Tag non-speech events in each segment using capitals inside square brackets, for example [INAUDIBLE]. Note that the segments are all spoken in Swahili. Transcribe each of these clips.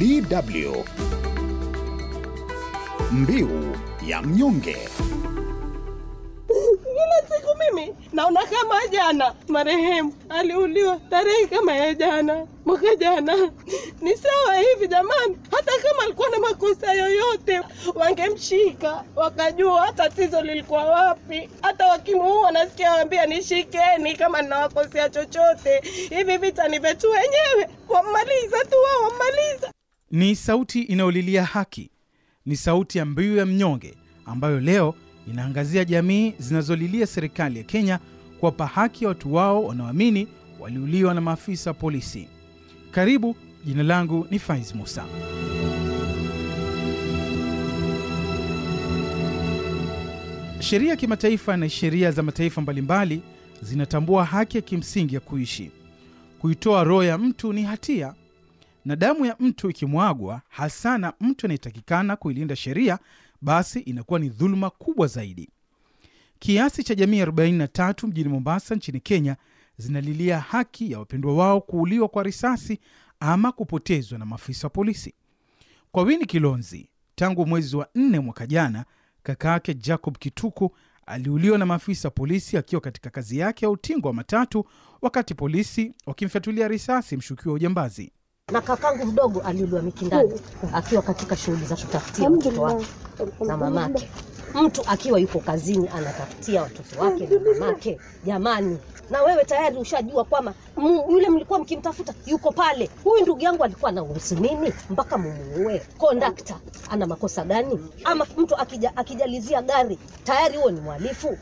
DW Mbiu ya Mnyonge. Kila siku mimi naona kama jana marehemu aliuliwa tarehe kama ya jana mwaka jana. Ni sawa hivi jamani? Hata kama alikuwa na makosa yoyote, wangemshika wakajua tatizo lilikuwa wapi. Hata wakimuua, nasikia wambia nishikeni kama ninawakosea chochote. Hivi vita ni vyetu wenyewe, wammaliza tu wao, wammaliza ni sauti inayolilia haki, ni sauti ya mbiu ya mnyonge ambayo leo inaangazia jamii zinazolilia serikali ya Kenya kuwapa haki ya watu wao wanaoamini waliuliwa na maafisa polisi. Karibu, jina langu ni Faiz Musa. Sheria ya kimataifa na sheria za mataifa mbalimbali zinatambua haki ya kimsingi ya kuishi. Kuitoa roho ya mtu ni hatia na damu ya mtu ikimwagwa, hasana mtu anayetakikana kuilinda sheria, basi inakuwa ni dhuluma kubwa zaidi. Kiasi cha jamii 43 mjini Mombasa nchini Kenya zinalilia haki ya wapendwa wao kuuliwa kwa risasi ama kupotezwa na maafisa wa polisi. Kwa Wini Kilonzi, tangu mwezi wa nne mwaka jana, kaka yake Jacob Kituku aliuliwa na maafisa wa polisi akiwa katika kazi yake ya utingo wa matatu, wakati polisi wakimfyatulia risasi mshukiwa wa ujambazi na kakangu mdogo aliuliwa Mikindani mm. akiwa katika shughuli za kutafutia mtoto wake na mamake. Mtu akiwa yuko kazini anatafutia watoto wake na mamake, jamani! Na wewe tayari ushajua kwamba yule mlikuwa mkimtafuta yuko pale. Huyu ndugu yangu alikuwa na uhusi nini mpaka mumuue? Kondakta ana makosa gani? Ama mtu akija, akijalizia gari tayari huo ni mhalifu.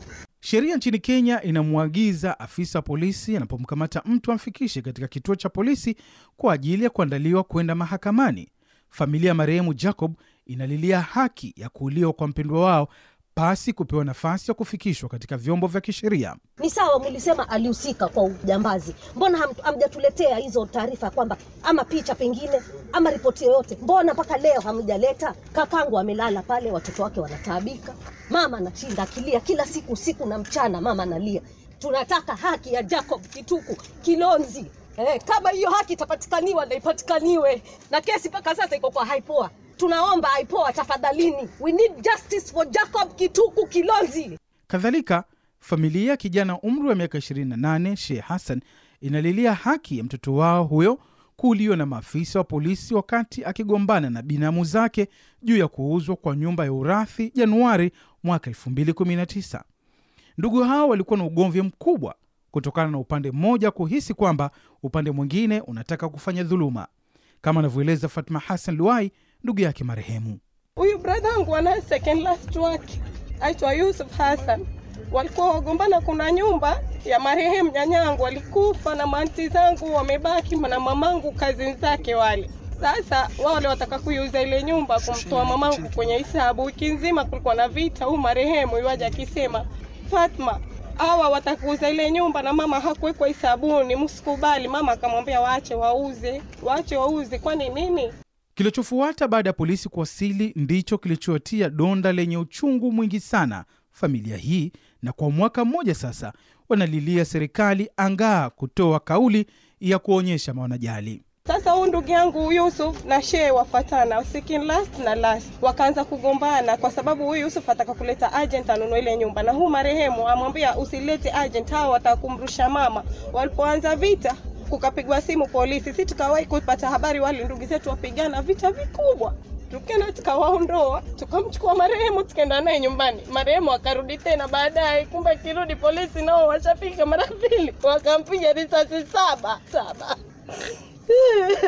Sheria nchini Kenya inamwagiza afisa polisi anapomkamata mtu amfikishe katika kituo cha polisi kwa ajili ya kuandaliwa kwenda mahakamani. Familia ya marehemu Jacob inalilia haki ya kuuliwa kwa mpendwa wao pasi kupewa nafasi ya kufikishwa katika vyombo vya kisheria. Ni sawa, mlisema alihusika kwa ujambazi, mbona hamjatuletea hizo taarifa kwamba ama picha pengine ama ripoti yoyote? Mbona mpaka leo hamjaleta? Kakangu amelala pale, watoto wake wanataabika, mama anashinda akilia kila siku, siku na mchana, mama analia. Tunataka haki ya Jacob Kituku Kilonzi. Eh, kama hiyo haki itapatikaniwa na ipatikaniwe, na kesi mpaka sasa iko kwa haipoa Tunaomba IPOA tafadhalini, we need justice for Jacob Kituku Kilonzi. Kadhalika, familia ya kijana umri wa miaka 28 Sheikh Hassan inalilia haki ya mtoto wao huyo kuuliwa na maafisa wa polisi wakati akigombana na binamu zake juu ya kuuzwa kwa nyumba ya urathi Januari mwaka 2019. Ndugu hao walikuwa na ugomvi mkubwa kutokana na upande mmoja kuhisi kwamba upande mwingine unataka kufanya dhuluma, kama anavyoeleza Fatma Hassan Luai, ndugu yake marehemu. Huyu bradha wangu anaye second last wake aitwa Yusuf Hassan, walikuwa wagombana. Kuna nyumba ya marehemu nyanyangu alikufa na manti zangu wamebaki na mamangu kazi zake wale sasa wale wataka kuiuza ile nyumba kumtoa mamangu kwenye hisabu. Wiki nzima kulikuwa na vita, huu marehemu iwaja akisema, Fatma, awa watakuuza ile nyumba na mama hakuwekwa hisabuni, msikubali. Mama akamwambia waache wauze, waache wauze. Kwani nini? Kilichofuata baada ya polisi kuwasili ndicho kilichotia donda lenye uchungu mwingi sana familia hii, na kwa mwaka mmoja sasa wanalilia serikali angaa kutoa kauli ya kuonyesha mawanajali. Sasa huu ndugu yangu Yusuf na Shee wafatana sikin last na last, wakaanza kugombana kwa sababu huyu Yusuf ataka kuleta agent anunua ile nyumba, na huu marehemu amwambia usilete agent, hawa watakumrusha mama. Walipoanza vita kukapigwa simu polisi. Si tukawahi kupata habari wale ndugu zetu wapigana vita vikubwa, tukenda tukawaondoa, tukamchukua marehemu, tukaenda naye nyumbani. Marehemu akarudi tena baadaye, kumbe akirudi polisi nao washapiga mara [LAUGHS] mbili, wakampiga risasi saba saba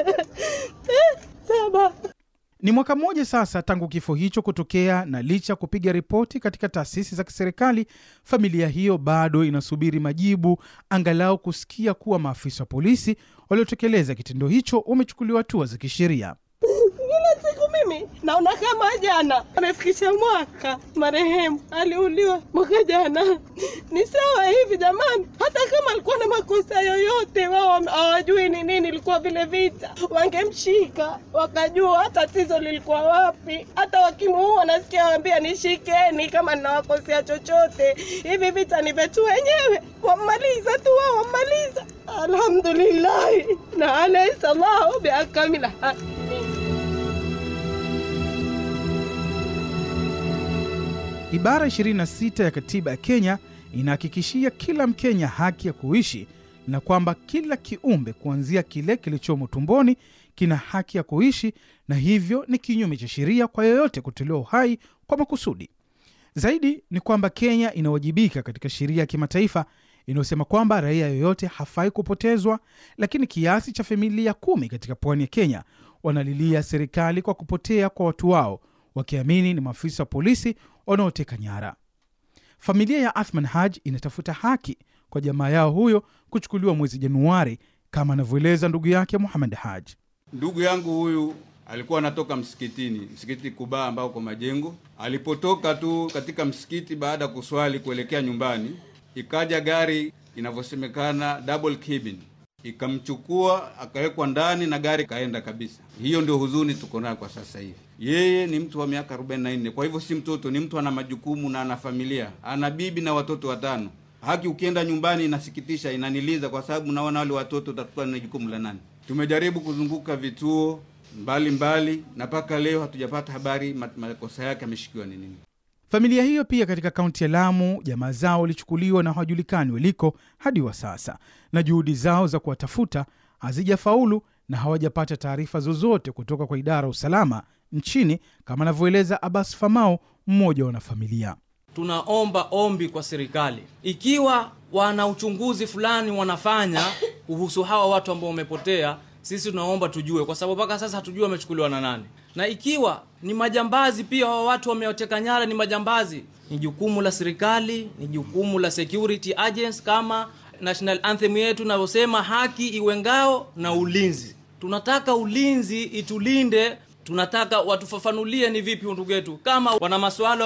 [LAUGHS] saba ni mwaka mmoja sasa tangu kifo hicho kutokea, na licha ya kupiga ripoti katika taasisi za kiserikali, familia hiyo bado inasubiri majibu, angalau kusikia kuwa maafisa wa polisi waliotekeleza kitendo hicho wamechukuliwa hatua za kisheria nne. Naona kama jana amefikisha mwaka, marehemu aliuliwa mwaka jana. [LAUGHS] Ni sawa hivi jamani? Hata kama alikuwa na makosa yoyote, wao hawajui ni nini ilikuwa vile vita, wangemshika wakajua tatizo lilikuwa wapi. Hata wakimuua nasikia waambia, nishikeni kama ninawakosea chochote. Hivi vita ni vetu wenyewe, wammaliza tu wao, wammaliza. Alhamdulillahi na alaysa Allahu biakamil haki Ibara 26 ya katiba ya Kenya inahakikishia kila Mkenya haki ya kuishi na kwamba kila kiumbe kuanzia kile kilichomo tumboni kina haki ya kuishi, na hivyo ni kinyume cha sheria kwa yoyote kutolewa uhai kwa makusudi. Zaidi ni kwamba Kenya inawajibika katika sheria ya kimataifa inayosema kwamba raia yoyote hafai kupotezwa, lakini kiasi cha familia kumi katika pwani ya Kenya wanalilia serikali kwa kupotea kwa watu wao wakiamini ni maafisa wa polisi wanaoteka nyara. Familia ya Athman haj inatafuta haki kwa jamaa yao huyo kuchukuliwa mwezi Januari, kama anavyoeleza ndugu yake muhamad haj Ndugu yangu huyu alikuwa anatoka msikitini, msikiti Kubaa ambao kwa majengo. Alipotoka tu katika msikiti baada ya kuswali kuelekea nyumbani, ikaja gari inavyosemekana double cabin ikamchukua akawekwa ndani na gari kaenda kabisa. Hiyo ndio huzuni tuko nayo kwa sasa hivi. Yeye ni mtu wa miaka 44, kwa hivyo si mtoto, ni mtu ana majukumu na ana familia, ana bibi na watoto watano. Haki ukienda nyumbani inasikitisha, inaniliza kwa sababu naona wale watoto tatakuwa na jukumu la nani? Tumejaribu kuzunguka vituo mbalimbali na mpaka leo hatujapata habari makosa yake ameshikiwa ni nini. Familia hiyo pia katika kaunti ya Lamu, jamaa zao walichukuliwa na hawajulikani waliko hadi wa sasa, na juhudi zao za kuwatafuta hazijafaulu na hawajapata taarifa zozote kutoka kwa idara ya usalama nchini, kama anavyoeleza abas Famao, mmoja wa wanafamilia. Tunaomba ombi kwa serikali, ikiwa wana uchunguzi fulani wanafanya kuhusu hawa watu ambao wamepotea, sisi tunaomba tujue, kwa sababu mpaka sasa hatujui wamechukuliwa na nani, na ikiwa ni majambazi pia hao watu wameoteka nyara ni majambazi. Ni jukumu la serikali, ni jukumu la security agents, kama national anthem yetu navyosema, haki iwe ngao na ulinzi. Tunataka ulinzi itulinde, tunataka watufafanulie ni vipi ndugu yetu. Kama wana maswali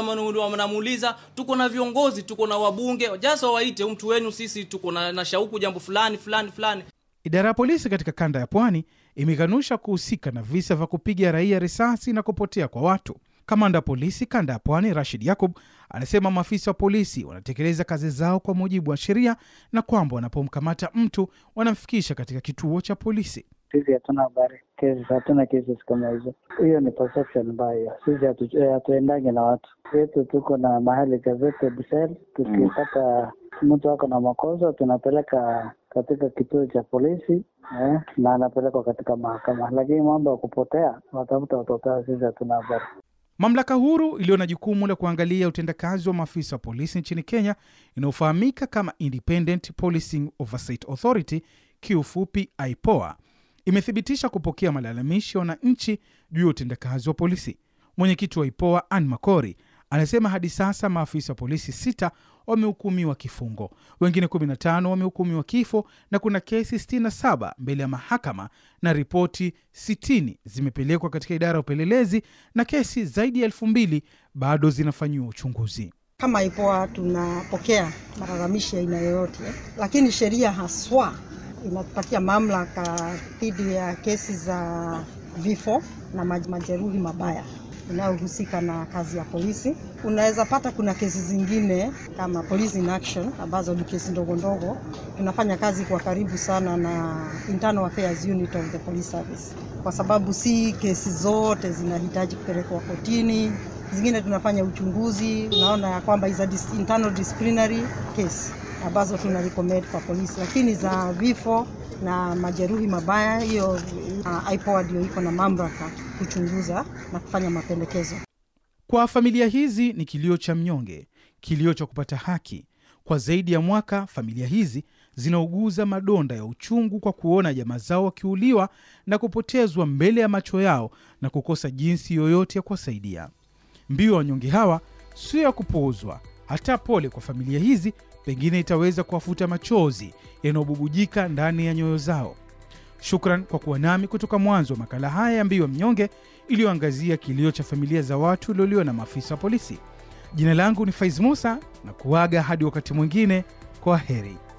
wanamuuliza, tuko na viongozi, tuko na wabunge, jasa waite mtu wenu, sisi tuko na, na shauku jambo fulani fulani fulani. Idara ya polisi katika kanda ya Pwani imekanusha kuhusika na visa vya kupiga raia risasi na kupotea kwa watu. Kamanda wa polisi kanda ya Pwani Rashid yacob anasema maafisa wa polisi wanatekeleza kazi zao kwa mujibu wa sheria na kwamba wanapomkamata mtu wanamfikisha katika kituo cha polisi. Sisi hatuna habari kesi, hatuna kesi kama hizo. Hiyo ni perception mbayo Sisi eh, hatuendangi na watu yetu tuko na mahali gazete bsel tukipata mtu ako na makosa tunapeleka katika kituo cha polisi eh, na anapelekwa katika mahakama, lakini mambo ya kupotea watafuta watotoa sisi hatuna habari. Mamlaka huru iliyo na jukumu la kuangalia utendakazi wa maafisa wa polisi nchini Kenya inayofahamika kama Independent Policing Oversight Authority, kiufupi IPOA, imethibitisha kupokea malalamishi ya wananchi juu ya utendakazi wa polisi. Mwenyekiti wa IPOA Ann Makori Anasema hadi sasa maafisa wa polisi sita wamehukumiwa kifungo, wengine 15 wamehukumiwa kifo na kuna kesi 67 mbele ya mahakama na ripoti 60 zimepelekwa katika idara ya upelelezi na kesi zaidi ya elfu mbili bado zinafanyiwa uchunguzi. Kama IPOA tunapokea malalamishi aina yoyote, lakini sheria haswa inatupatia mamlaka dhidi ya kesi za vifo na majeruhi mabaya inayohusika na kazi ya polisi. Unaweza pata kuna kesi zingine kama police in action ambazo ni kesi ndogo ndogo. Tunafanya kazi kwa karibu sana na internal affairs unit of the police service, kwa sababu si kesi zote zinahitaji kupelekwa kotini zingine tunafanya uchunguzi, naona ya kwamba is a dis, internal disciplinary case ambazo tuna recommend kwa polisi, lakini za vifo na majeruhi mabaya, hiyo uh, IPOA ndio iko na mamlaka kuchunguza na kufanya mapendekezo. Kwa familia hizi ni kilio cha mnyonge, kilio cha kupata haki. Kwa zaidi ya mwaka familia hizi zinauguza madonda ya uchungu kwa kuona jamaa zao wakiuliwa na kupotezwa mbele ya macho yao na kukosa jinsi yoyote ya kuwasaidia. Mbio wanyonge hawa sio ya kupuuzwa. Hata pole kwa familia hizi pengine itaweza kuwafuta machozi yanayobubujika ndani ya nyoyo zao, Shukran kwa kuwa nami kutoka mwanzo wa makala haya ya Mbiu Mnyonge iliyoangazia kilio cha familia za watu ulioliwa na maafisa wa polisi. Jina langu ni Faiz Musa na kuaga hadi wakati mwingine, kwa heri.